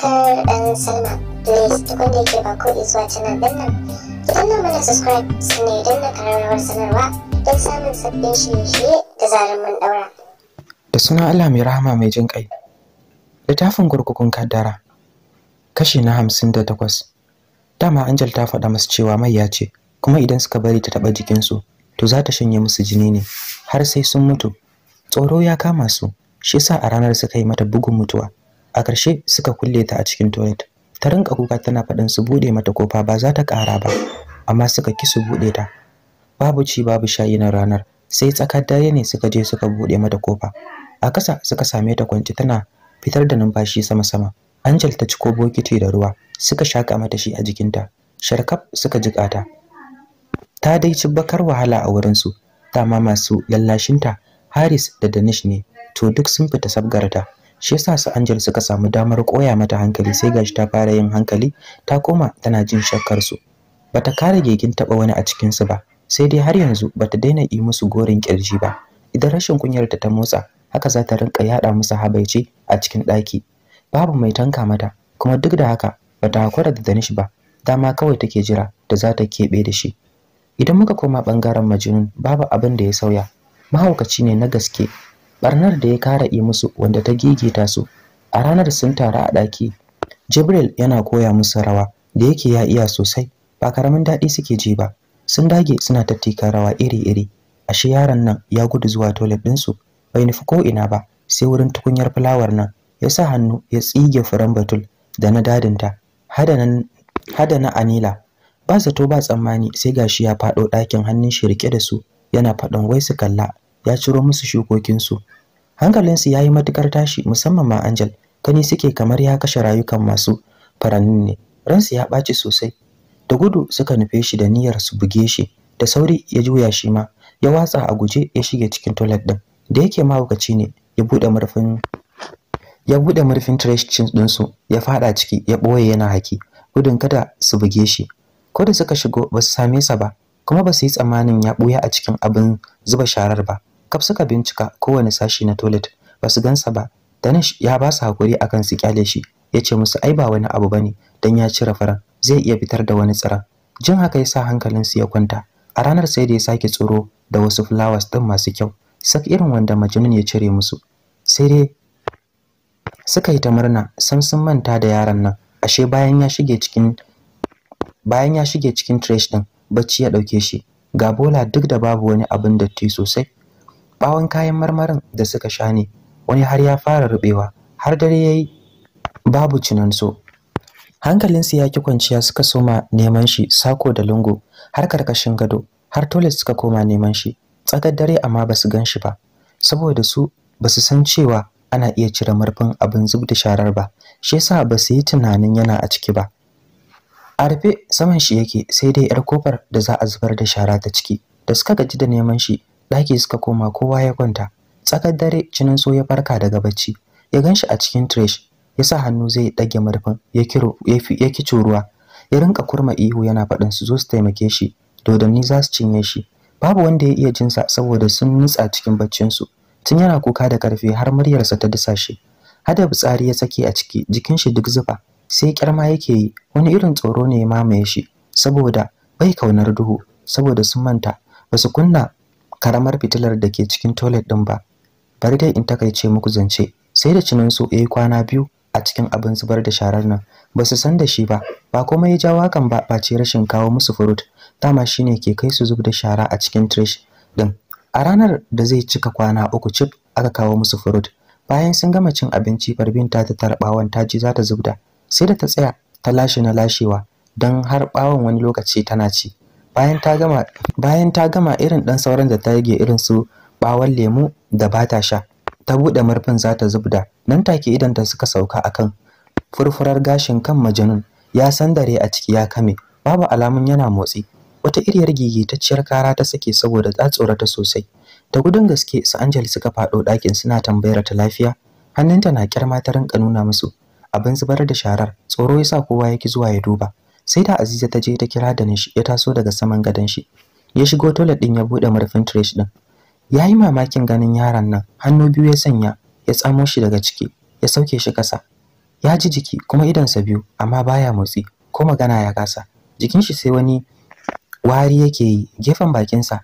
subscribe and sign up. Please da ba ko subscribe sanarwa don samun sabbin da zarar sunan Allah mai rahama mai jin kai. Littafin gurgukun kaddara. Kashi na hamsin da takwas. Dama Angel ta faɗa masu cewa mai ya ce, kuma idan suka bari ta taɓa jikinsu, to za ta shanye musu jini ne har sai sun mutu tsoro ya kama su shi sa a ranar suka yi mata bugun mutuwa a ƙarshe suka kulle ta a cikin toilet ta rinka kuka tana faɗin su buɗe mata kofa ba za ta ƙara ba amma suka ki su buɗe ta babu ci babu shayi na ranar sai tsakar dare ne suka je suka buɗe mata kofa a ƙasa suka same ta kwance tana fitar da numfashi sama-sama Angel ta ciko bokiti da ruwa suka shaka mata shi a jikinta sharkaf suka jiƙa ta ta dai ci bakar wahala a wurinsu dama masu lallashinta Haris da Danish ne to duk sun fita sabgarta shi yasa su Angel suka samu damar koya mata hankali sai gashi ta fara yin hankali ta koma tana jin shakkar su bata kare gegin taba wani a cikin su ba sai dai har yanzu bata daina yi musu gorin kirji ba idan rashin kunyar ta motsa haka za ta rinka yada musu habaice a cikin daki babu mai tanka mata kuma duk da haka bata hakura da Danish ba dama kawai take jira da za ta kebe da shi idan muka koma bangaren majinun babu abin da ya sauya mahaukaci ne na gaske barnar da ya kara yi musu wanda ta gegeta su a ranar sun taru a ɗaki jibril yana koya musu rawa da yake ya iya sosai ba karamin daɗi suke ji ba sun dage suna tattika rawa iri-iri ashe yaron nan ya gudu zuwa toilet ɗinsu bai nufi ko ina ba sai wurin tukunyar fulawar nan ya sa hannu ya tsige furen batul da na dadinta hada na anila ba zato ba tsammani sai gashi ya faɗo ɗakin hannun shi rike da su yana faɗin wai su kalla ya ciro musu shukokinsu hankalinsu ya yi matukar tashi musamman ma angel Kani suke kamar ya kashe rayukan masu farannin ne ransu ya ɓaci sosai da gudu suka nufe shi da niyyar su buge shi da sauri ya juya shi ma ya watsa a guje ya shige cikin toilet ɗin. da yake mahaukaci ne ya buɗe murfin ya buɗe murfin trash ɗinsu ya faɗa ciki ya ɓoye yana haki gudun kada su buge shi ko da suka shigo ba su same sa ba kuma ba su yi tsammanin ya ɓuya a cikin abin zuba sharar ba kaf suka bincika kowane sashi na toilet ba su gansa ba danish ya ba su hakuri akan su kyale shi ya ce musu ai ba wani abu bane dan ya cire faran zai iya fitar da wani tsira jin haka ya sa hankalinsu ya kwanta a ranar sai da ya sake tsoro da wasu flowers din masu kyau sak irin wanda majinun ya cire musu sai dai suka yi ta murna sam sun manta da yaran nan ashe bayan ya shige cikin bayan ya shige cikin trash din bacci ya dauke shi ga bola duk da babu wani abin datti sosai bawon kayan marmarin da suka sha ne wani har ya fara rubewa har dare ya yi babu cinansu hankalinsu ya ki kwanciya suka soma neman shi sako da lungu har karkashin gado har Tolis suka koma neman shi tsakar dare amma ba su gan shi ba saboda su basu san cewa ana iya cire murfin abin zub da sharar ba shi yasa su yi tunanin yana a ciki ba a rufe saman shi yake sai dai yar kofar da za a zubar da shara ta ciki da suka gaji da neman shi ɗaki suka koma kowa ya kwanta tsakar dare cinin so ya farka daga bacci ya ganshi a cikin trash ya sa hannu zai ɗage murfin ya kiro ya kico ruwa ya rinka kurma ihu yana faɗin su zo su taimake shi dodanni za su cinye shi babu wanda ya iya jinsa saboda sun nutsa cikin baccinsu tun yana kuka da karfi har muryarsa ta shi. hada fitsari ya sake a ciki jikin shi duk zufa sai kyarma yake yi wani irin tsoro ne ya mamaye shi saboda bai kaunar duhu saboda sun manta basu kunna karamar fitilar da ke cikin toilet din ba bari dai in takaice muku zance sai da cinin su yi kwana biyu a cikin abin zubar da sharar nan ba su san da shi ba ba komai ya jawo hakan ba face rashin kawo musu furut dama shine ke kai su zub da shara a cikin trash din a ranar da zai cika kwana uku cif aka kawo musu furut bayan sun gama cin abinci farbin ta ta tarbawan ta ji za ta zubda sai da ta tsaya ta lashe na lashewa don har bawon wani lokaci tana ci bayan ta gama bayan ta gama irin dan sauran da ta rage irin su bawon lemu da bata sha ta bude murfin za ta zubda nan take idan ta suka sauka akan furfurar gashin kan majanun ya san dare a ciki ya kame babu alamun yana motsi wata iriyar gigitacciyar kara ta sake saboda ta tsorata sosai da gudun gaske su Angel suka faɗo ɗakin suna tambayar ta lafiya hannunta na kyar ta rinka nuna musu abin zubar da sharar tsoro yasa kowa yake zuwa ya duba sai da Aziza ta je ta kira da nishi ya taso daga saman gadon shi ya shigo toilet din ya bude murfin trash din yayi mamakin ganin yaron nan hannu biyu ya sanya ya tsamo shi daga ciki ya sauke shi kasa ya ji jiki kuma idansa biyu amma baya motsi ko magana ya kasa jikin shi sai wani wari yake yi gefen bakinsa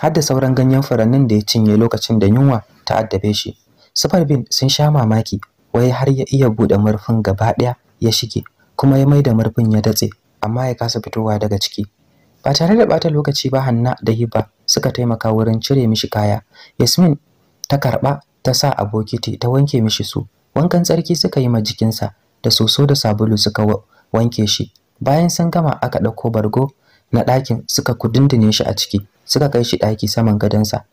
har da sauran ganyen furannin da ya cinye lokacin da yunwa ta addabe shi sufarbin sun sha mamaki wai har ya iya buɗe murfin gaba ɗaya ya shige kuma ya mai da murfin ya datse amma ya kasa fitowa daga ciki ba tare da bata lokaci ba Hanna da Hiba suka taimaka wurin cire mishi kaya Yasmin ta karba ta sa a bokiti ta wanke mishi su wankan tsarki suka yi ma jikinsa da soso da sabulu suka wanke shi bayan sun gama aka ɗauko bargo na ɗakin suka kudindine shi a ciki suka kai shi ɗaki saman gadonsa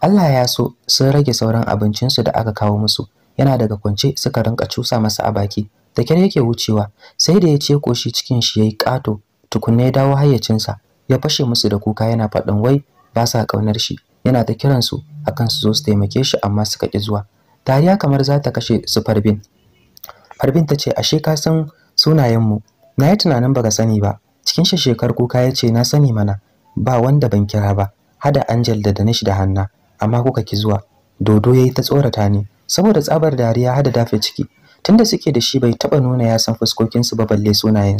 Allah ya so sun rage sauran abincinsu da aka kawo musu yana daga kwance suka rinka cusa masa a baki da kyar yake wucewa sai da ya ce koshi cikin shi yayi kato tukunne ya dawo hayyacin sa ya fashe musu da kuka yana faɗin wai ba sa kaunar shi yana ta kiran su akan su zo su taimake shi amma suka ki zuwa Tariya kamar za ta kashe su farbin farbin ta ce ashe ka san sunayen mu na yi tunanin baka sani ba cikin shi shekar kuka ya ce na sani mana ba wanda ban kira ba hada angel da danish da hanna amma kuka ki zuwa dodo yayi ta tsorata ne, saboda tsabar dariya hada dafe ciki tunda suke da shi bai taba nuna ya san fuskokin su ba balle sunayen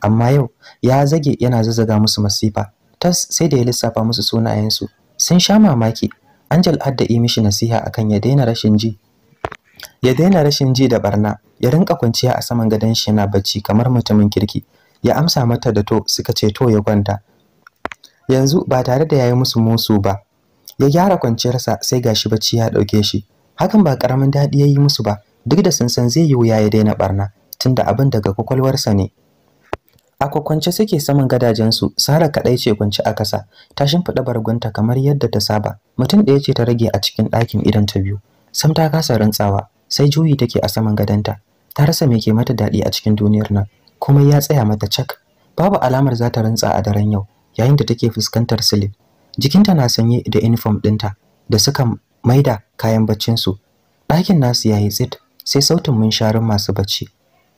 amma yau ya zage yana zazzaga musu masifa tas sai da ya lissafa musu sunayensu. sun sha mamaki Angel adda yi mishi nasiha akan ya daina rashin ji ya daina rashin ji da barna ya rinka kwanciya a saman gadon shi yana bacci kamar mutumin kirki ya amsa mata da to suka ce to ya kwanta yanzu ba tare da yayi musu musu ba ya gyara kwanciyarsa sai gashi bacci ya dauke shi hakan ba karamin daɗi ya yi musu ba duk da sun san zai yi wuya ya daina barna tunda abin daga kwakwalwarsa ne a kwakwance suke saman gadajensu sara kaɗai ce kwance a kasa, ta shimfiɗa bargunta kamar yadda ta saba mutum ɗaya ce ta rage a cikin ɗakin idan ta biyu sam ta kasa rantsawa sai juyi take a saman gadonta ta rasa me ke mata daɗi a cikin duniyar nan kuma ya tsaya mata cak babu alamar za ta rantsa a daren yau yayin da take fuskantar silin jikinta na sanye da uniform ɗinta da suka maida kayan baccinsu ɗakin nasu yayi tsit sai sautin munsharin masu bacci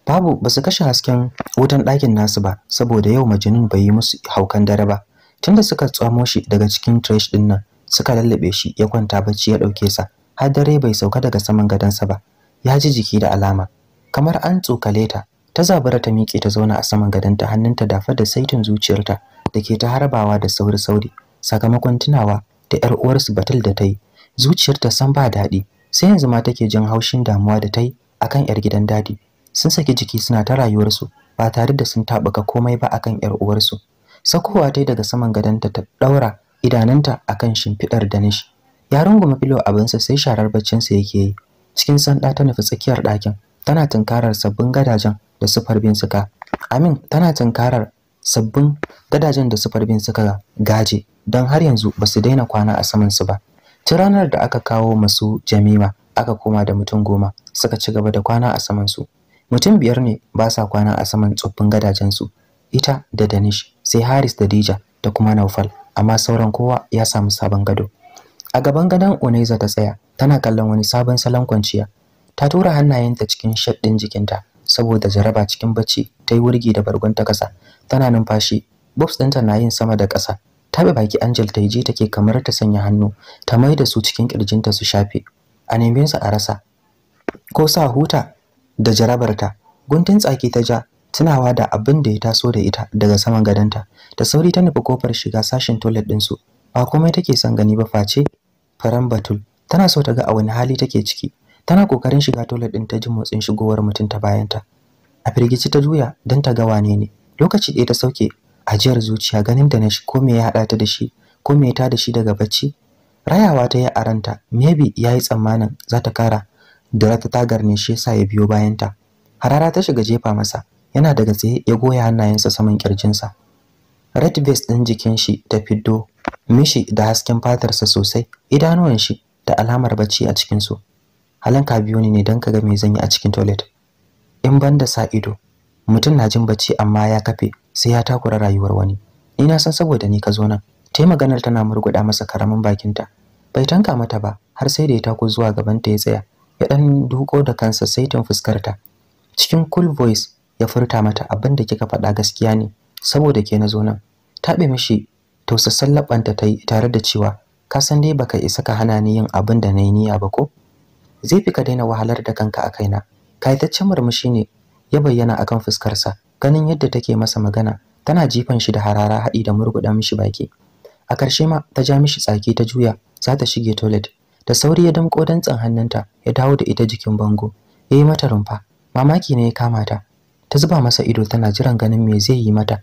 babu ba su kashe hasken wutan ɗakin nasu ba saboda yau majinin bai yi musu haukan dare ba tunda suka tsamo shi daga cikin trash din nan suka lallabe shi ya kwanta bacci ya ɗauke sa har dare bai sauka daga saman gadonsa ba ya ji jiki da alama kamar an tsokale ta ta zabura ta miƙe ta zauna a saman gadonta hannunta dafa da saitin zuciyarta da ke ta harbawa da sauri-sauri sakamakon tunawa da 'yar uwarsu batul da ta yi zuciyarta san ba daɗi sai yanzu ma take jin haushin damuwa da ta akan yar gidan dadi sun saki jiki suna ta rayuwarsu ba tare da sun tabuka komai ba akan yar uwarsu sakowa ta daga saman gadonta ta daura idananta akan shimfidar danish ya runguma filo abinsa sai sharar baccin sa yake yi cikin sanda ta nufi tsakiyar ɗakin tana tunkarar sabbin gadajen da sufar bin suka amin tana tunkarar sabbin gadajen da sufar bin suka gaje don har yanzu ba su daina kwana a samansu ba Ta ranar da aka kawo masu Jamima aka koma da mutum goma suka ci gaba da kwana a saman su. Mutum biyar ne ba sa kwana a saman tsoffin gadajensu, Ita da Danish sai Haris da Dija da kuma Naufal amma sauran kowa ya samu sabon gado. A gaban gadon Oneiza ta tsaya tana kallon wani sabon salon kwanciya. Ta tura hannayenta cikin shaddin jikinta saboda jaraba cikin bacci ta yi wurgi da bargon ta kasa tana numfashi bobs ɗinta na yin sama da ƙasa Ta bi baki Angel ta je take kamar ta sanya hannu ta mai da su cikin kirjinta su shafe a nemin su a rasa ko sa huta da jarabarta guntun tsaki ta ja tunawa da abin da ya taso da ita daga saman gadonta da sauri ta nufi kofar shiga sashin toilet din su ba komai take son gani ba face faran batul tana so ta ga a wani hali take ciki tana kokarin shiga toilet din ta ji motsin shigowar mutum ta bayanta a firgici ta juya don ta ga wane ne lokaci ɗaya ta sauke ajiyar zuciya ganin da na shi ko me ya haɗa ta da shi ko me ya da shi daga bacci rayawa ta yi aranta maybe ya yi tsammanin za ta kara da ta tagar ne shi yasa ya biyo bayanta harara ta shiga jefa masa yana daga tsaye ya goya hannayensa saman kirjinsa red vest ɗin jikin shi ta fiddo mishi da hasken fatarsa sosai idanuwan shi da alamar bacci a cikinsu halanka biyo ne don ka ga me zan yi a cikin toilet in banda sa ido mutum na jin bacci amma ya kafe sai ya takura rayuwar wani ni na san saboda ni ka zo nan Ta yi maganar tana murguɗa masa karamin bakinta bai tanka mata ba har sai da ya tako zuwa gaban ta ya tsaya ya dan duko da kansa sai saitin fuskarta cikin cool voice ya furta mata abin da kika faɗa gaskiya ne saboda ke na zo nan taɓe mishi tausassan labanta ta yi tare da cewa ka san dai baka isa ka hana ni yin abin da na yi niyya ba ko zai fi ka daina wahalar da kanka a kaina kayataccen murmushi ne ya bayyana akan fuskarsa ganin yadda take masa magana tana jifan shi da harara haɗi da murguɗa mishi baki a ƙarshe ma ta ja mishi tsaki ta juya za ta shige toilet da sauri ya damƙo dantsan hannunta ya dawo da ita jikin bango ya yi mata rumfa mamaki ne ya kama ta ta zuba masa ido tana jiran ganin me zai yi mata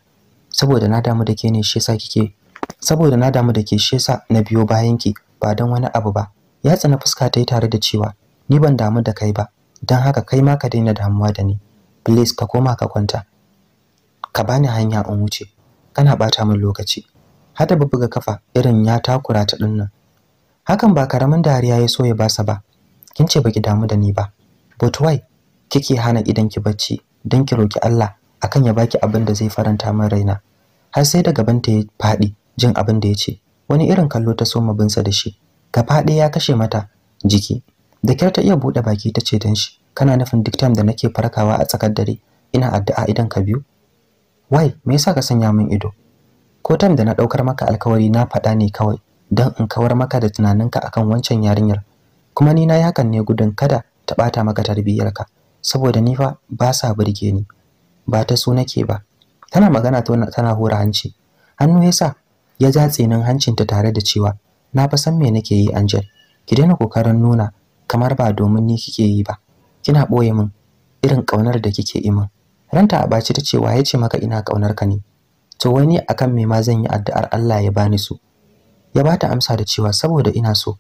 saboda na damu da ke ne shi yasa kike saboda na damu da ke shi yasa na biyo bayanki ba don wani abu ba ya tsana fuska ta yi tare da cewa ni ban damu da kai ba don haka kai ma ka daina damuwa da ni please ka koma ka kwanta ka bani hanya in wuce kana bata min lokaci hada bubbuga kafa irin ya takura ta dinnan hakan ba karamin dariya ya so ya basa ba kin ce baki damu da ni ba but why kike hana idan ki bacci dan ki roki Allah akan ya baki abin da zai faranta min raina har sai da ta ya fadi jin abin da ya ce wani irin kallo ta soma binsa da shi gaba ɗaya ya kashe mata jiki da kyar ta iya buɗe baki ta ce dan shi kana nufin duk time da nake farkawa a tsakar dare ina addu'a idan ka biyu wai me yasa ka sanya min ido ko tam da na daukar maka alkawari na faɗa ne kawai don in kawar maka da tunaninka akan wancan yarinyar kuma ni na yi hakan ne gudun kada ta bata maka tarbiyyarka saboda ni fa ba sa burge ni ba ta su nake ba tana magana tana hura hanci hannu yasa ya ja tsinin hancinta tare da cewa na fa san me nake yi Angel ki daina kokarin nuna kamar ba domin ni kike yi ba kina ɓoye min irin ƙaunar da kike yi min ranta a baci ta ce waye ce maka ina kaunar ka ne to wani akan me ma zan yi addu'ar Allah ya bani su ya bata amsa da cewa saboda ina so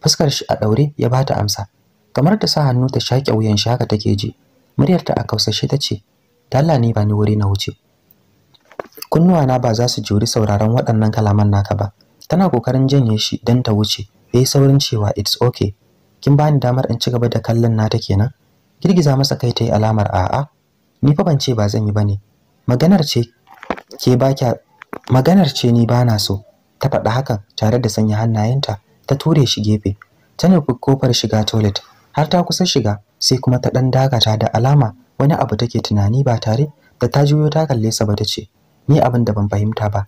fuskar shi a daure ya bata amsa kamar ta sa hannu ta shaƙe wuyan shi haka take ji muryar ta a kausashe ta ce Allah ni ba ni wuri na wuce kunnuwa na ba za su juri sauraron waɗannan kalaman naka ba tana kokarin janye shi dan ta wuce yi saurin cewa it's okay kin bani damar in ci gaba da kallon nata kenan girgiza masa kai ta yi alamar a'a ni fa ban ce ba zan yi bane maganar ce ke ba kya maganar ce ni ba na so ta faɗa hakan tare da sanya hannayenta ta ture shi gefe ta nufi kofar shiga toilet har ta kusa shiga sai kuma ta ɗan dagata da alama wani abu take tunani ba tare da ta juyo ta kalle sa ba ta ce ni abin da ban fahimta ba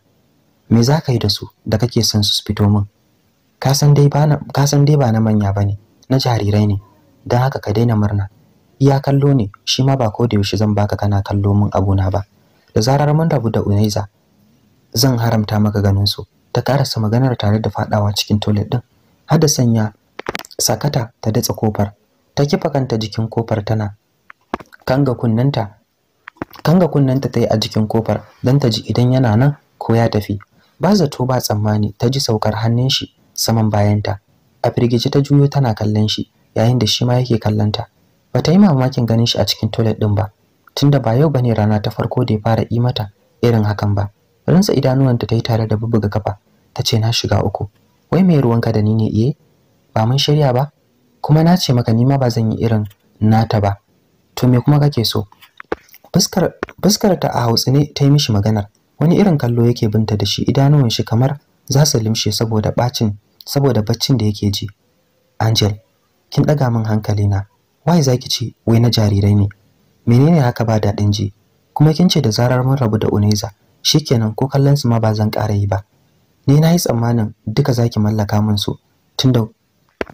me za ka yi da su da kake son su fito min ka san dai ba na manya ba ne na jarirai ne don haka ka daina murna iya kallo ne shi ma ba ko da yaushe zan baka kana kallo min abuna ba da zarar mun rabu da uneza, zan haramta maka ganin su ta karasa maganar tare da fadawa cikin toilet din har da sanya sakata ta datsa kofar ta kifa kanta jikin kofar tana kanga kunnanta kanga kunnanta ta a jikin kofar don ta ji idan yana nan ko ya tafi ba zato ba tsammani ta ji saukar hannun shi saman bayanta a firgice ta juyo tana kallon shi yayin da shi ma yake kallonta Bata yi mamakin ganin shi a cikin toilet din ba, tunda ba yau bane rana ta farko da ya fara yi mata irin hakan ba. Rinsa idanuwanta ta yi tare da bubbuga kafa, ta ce na shiga uku. Wai mai ruwanka da ni ne iye? Eh? Ba mun shirya ba? Kuma na ce maka nima ba zan yi irin nata ba. To me kuma kake so? Fuskar fuskar ta a hautsi ne ta yi mishi maganar. Wani irin kallo yake binta da shi idanuwan shi kamar za su limshe saboda bacin saboda baccin da yake ji. Angel, kin ɗaga min hankali na. wai ki ce wai na jarirai ne menene haka ba daɗin ji kuma kin ce da zarar mun rabu da Uneza shikenan ko kallon su ma ba zan ƙara yi ba ni na yi tsammanin duka za ki mallaka min su Tun da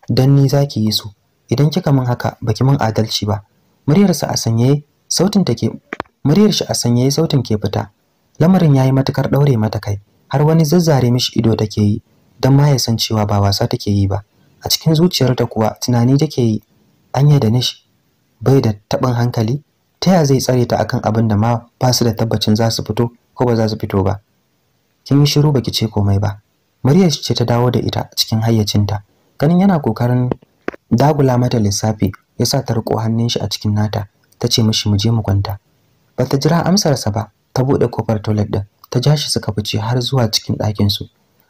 dan ni za ki yi su idan kika min haka baki mun adalci ba muryarsa a sanyaye sautin take muryar shi a sanyaye sautin ke fita lamarin yayi matukar daure mata kai har wani zazzare mishi ido take yi dan ma ya san cewa ba wasa take yi ba a cikin zuciyarta kuwa tunani take yi anya da nishi, bai da taɓin hankali ta ya zai tsare ta akan abin da ma ba su da tabbacin za su fito ko ba za su fito ba kin yi shiru baki ce komai ba Maryam ce ta dawo da ita cikin hayyacinta ganin yana kokarin dagula mata lissafi ya sa ta riko hannun shi a cikin nata ta ce mishi mu je mu kwanta ba ta jira amsarsa ba ta buɗe kofar toilet ɗin ta ja shi suka fice har zuwa cikin ɗakin su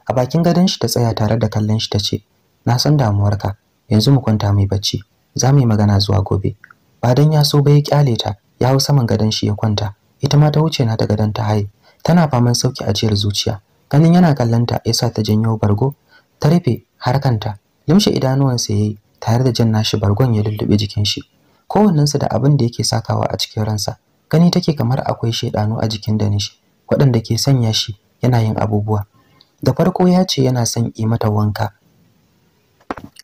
a bakin gadon shi ta tsaya tare da kallon shi ta ce na san damuwarka yanzu mu kwanta mai bacci za mu yi magana zuwa gobe ba dan ya so ba ya kyale ta ya hau saman gadon shi ya kwanta ita ma ta wuce na ta gadon ta haye tana faman sauki jiyar zuciya ganin yana kallanta yasa ta janyo bargo ta rufe harkanta limshe idanuwansa yayi tare da jan nashi bargon ya lullube jikin shi kowannensu da abin da yake sakawa a cikin ransa gani take kamar akwai shaidanu a jikin Danish waɗanda ke sanya shi yana yin abubuwa da farko ya ce yana son yi mata wanka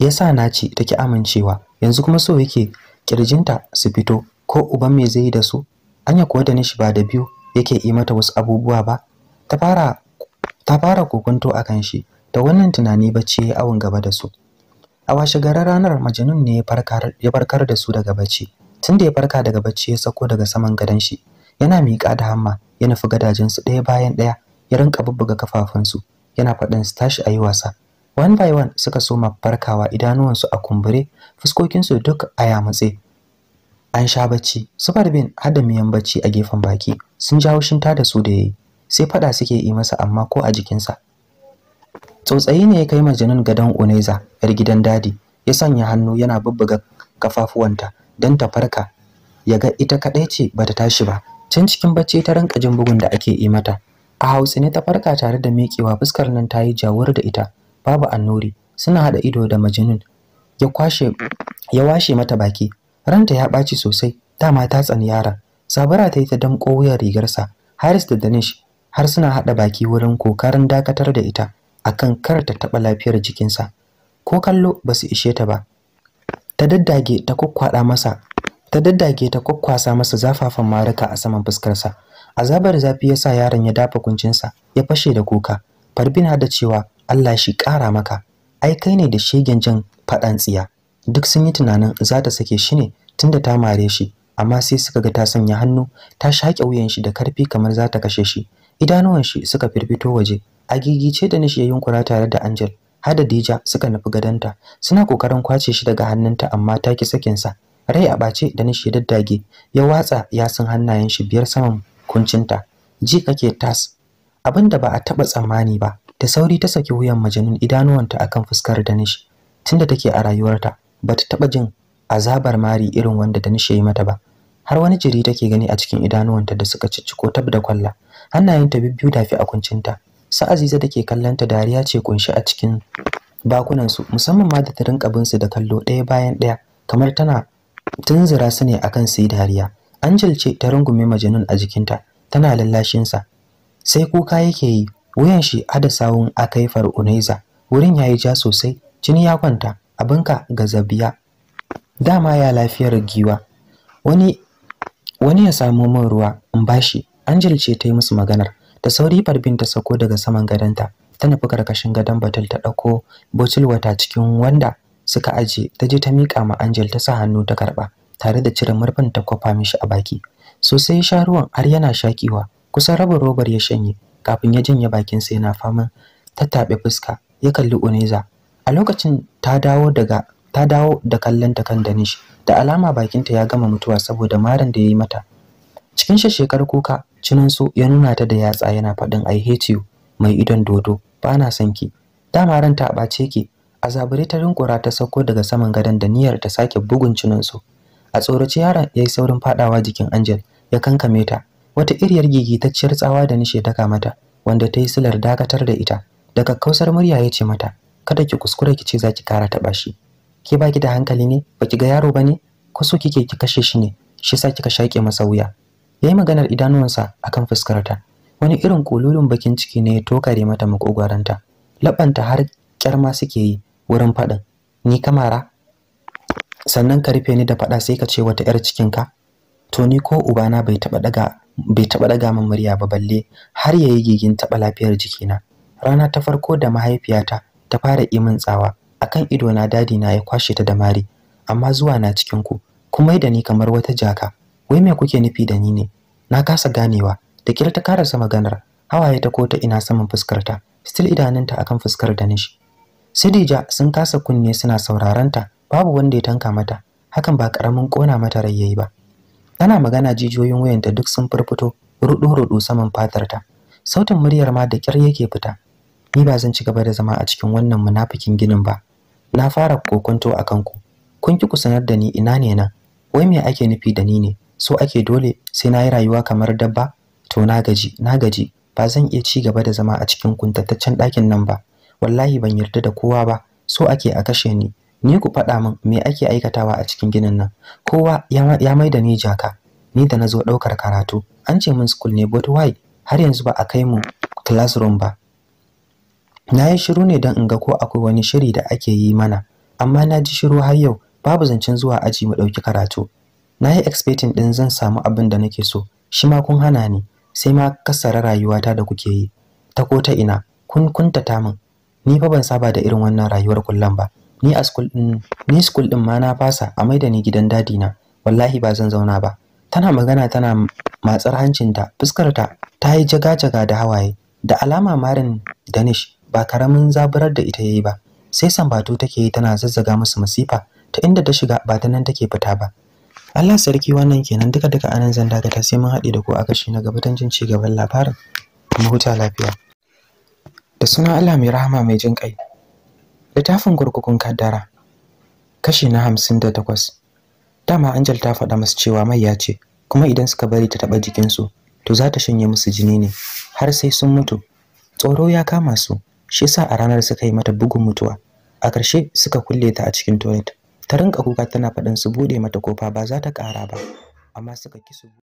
yasa naci take amincewa yanzu kuma so yake kirjinta su fito ko uban me zai da su anya kuwa da nishi ba da biyu yake yi mata wasu abubuwa ba ta fara ta fara kokunto akan shi da wannan tunani bacci ya awon gaba da su a washe garar ranar majanun ne ya farkar da su daga bacci Tunda ya farka daga bacci ya sako daga saman gadon shi yana miƙa da hamma ya nufi su ɗaya bayan ɗaya ya rinka bubbuga kafafunsu yana faɗin su tashi a yi wasa Wan by one suka soma farkawa idanuwansu a kumbure fuskokinsu duk a yamutse an sha bacci su bin har miyan bacci a gefen baki sun ja haushin ta da su da yayi sai fada suke yi masa amma ko a jikinsa Tsotsayi ne ya kai majanin gadon uneza yar gidan dadi ya sanya hannu yana bubbuga kafafuwanta don ta farka ya ga ita kaɗai ce ba ta tashi ba can cikin bacci ta rinka jin bugun da ake yi mata a hausa ne ta farka tare da miƙewa fuskar nan ta yi jawar da ita babu annuri suna haɗa ido da majinun ya kwashe ya washe mata baki ranta ya ɓaci sosai dama ta tsani yara sabara ta yi ta damƙo wuyan rigarsa haris da danish har suna haɗa baki wurin kokarin dakatar da ita akan kar ta taɓa lafiyar jikinsa ko kallo ba su ishe ta ba ta daddage ta kwakwada masa ta daddage ta kwakwasa masa zafafan maruka a saman fuskarsa azabar zafi ya sa yaron ya dafa kuncinsa ya fashe da kuka farbin da cewa Allah shi ƙara maka ai kai ne da shegen jin faɗan tsiya duk sun yi tunanin za ta sake shi ne tunda ta mare shi amma sai suka ga ta sanya hannu ta shaƙe wuyan shi da karfi kamar za ta kashe shi idanuwan shi suka firfito waje A agigice da nishi ya yunkura tare da Angel har da Dija suka nufi gadonta suna kokarin kwace shi daga hannunta amma ta ki sakin sa rai a ɓace da nishi ya daddage ya watsa yatsun hannayen shi biyar saman kuncinta ji kake tas abinda ba a taɓa tsammani ba da sauri ta saki wuyan majanun idanuwanta akan fuskar danish tunda take a rayuwarta bata taba jin azabar mari irin wanda danish yayi mata ba har wani jiri take gani a cikin idanuwanta da suka cicciko tab da kwalla hannayenta bibbiyu dafi a kuncinta sa aziza kallon kallanta dariya ce kunshi a cikin bakunansu musamman ma da ta rinka bin su da kallo ɗaya bayan ɗaya kamar tana tunzura su ne akan su yi dariya Angel ce ta rungume majanun a jikinta tana lallashin sa sai kuka yake yi wuyan shi ada sawun akaifar unaiza wurin yayi ja sosai jini ya kwanta abinka ga zabiya dama ya lafiyar giwa wani wani ya samu min ruwa in bashi Angel ce ta yi musu maganar da sauri farbin ta sako daga saman gadonta ta nufi karkashin gadon batul ta ɗauko botul wata cikin wanda suka aje ta je ta mika ma Angel ta sa hannu ta karɓa tare da cire murfin ta kwafa mishi a baki sosai sharuwan sha ruwan har yana shakiwa kusan rabin robar ya shanye kafin ya janye bakinsa yana faman tattaɓe fuska ya kalli Uneza a lokacin ta dawo daga ta dawo da kallon ta kan Danish da alama bakinta ya gama mutuwa saboda maran da ya yi mata cikin shekar kuka su ya nuna ta da yatsa yana faɗin I hate you mai idon dodo ba na son ki dama ranta ta ɓace ki a zabure ta rinkura ta sauko daga saman gadon da niyyar ta sake bugun su. a tsorace yaron ya yi saurin faɗawa jikin Angel ya kankame ta wata iriyar gigitacciyar tsawa da nishe ta mata wanda ta yi silar dakatar da ita daga kausar murya ya ce mata kada ki kuskura ki ce za ki kara taɓa shi ke ba ki da hankali ne ba ki ga yaro ba ne ko so kike ki kashe shi ne shi sa kika shaƙe masa wuya ya yi maganar idanuwansa akan fuskarta wani irin kululun bakin ciki ne ya tokare mata makogwaranta labanta har ma suke yi wurin faɗin ni kamara sannan ka rufe ni da faɗa sai ka ce wata 'yar cikinka to ni ko ubana bai taɓa ɗaga? bai taɓa ɗaga min murya ba balle har ya yi gigin taɓa lafiyar jikina rana ta farko da mahaifiyata ta fara imin tsawa akan idona dadi na ya kwashe ta da mari amma zuwa na cikin ku kuma da ni kamar wata jaka wai me kuke nufi da ni ne na kasa ganewa da kira ta karasa maganar hawaye ta kota ina saman fuskarta still idanunta akan fuskar da nishi. Sidija sun kasa kunne suna sauraronta babu wanda ya tanka mata hakan ba ƙaramin kona mata rai yayi ba Tana magana jijiyoyin wayanta duk sun furfuto rudu-rudu saman fatarta. Sautin muryar ma da kyar yake fita. Ni ba zan ci gaba da zama a cikin wannan munafikin ginin ba. Na fara kokonto a kanku. Kun ki ku sanar da ni ina ne nan? Wai me ake nufi da ni ne? So ake dole sai na yi rayuwa kamar dabba? To na gaji, na gaji. Ba zan iya ci gaba da zama a cikin kuntataccen ɗakin nan ba. Wallahi ban yarda da kowa ba. So ake a kashe ni. ni ku faɗa min me ake aikatawa a cikin ginin nan kowa ya mai da ni jaka ni da na zo ɗaukar karatu an ce min school ne but why har yanzu ba a kai mu classroom ba na yi shiru ne don in ga ko akwai wani shiri da ake yi mana amma na ji shiru har yau babu zancen zuwa aji mu ɗauki karatu na yi expecting ɗin zan samu abin da nake so shi ma kun hana ni sai ma kassara rayuwata da kuke yi ta ko ta ina kun kuntata min ni fa ban saba da irin wannan rayuwar kullum ba ni a school din ni school din ma na fasa a maida ni gidan dadi na wallahi ba zan zauna ba tana magana tana matsar hancinta fuskarta ta yi jaga-jaga da hawaye da alama marin danish ba karamin zaburar da ita yayi ba sai sambatu take yi tana zazzaga musu masifa ta inda ta shiga ba ta nan take fita ba Allah sarki wannan kenan duka duka anan zan dagata sai mun haɗe da ku a kashi na gaba jin ci gaban labarin kuma huta lafiya da suna Allah mai rahama mai jin kai littafin kurkukun kaddara kashi na hamsin da takwas dama angel ta faɗa masu cewa mai ya ce kuma idan suka bari ta taɓa jikinsu to za ta shanye musu jini ne har sai sun mutu tsoro ya kama su shi sa a ranar suka yi mata bugun mutuwa a ƙarshe suka kulle ta a cikin toilet ta rinka kuka tana faɗin su buɗe mata kofa ba za ta ƙara ba amma suka ki su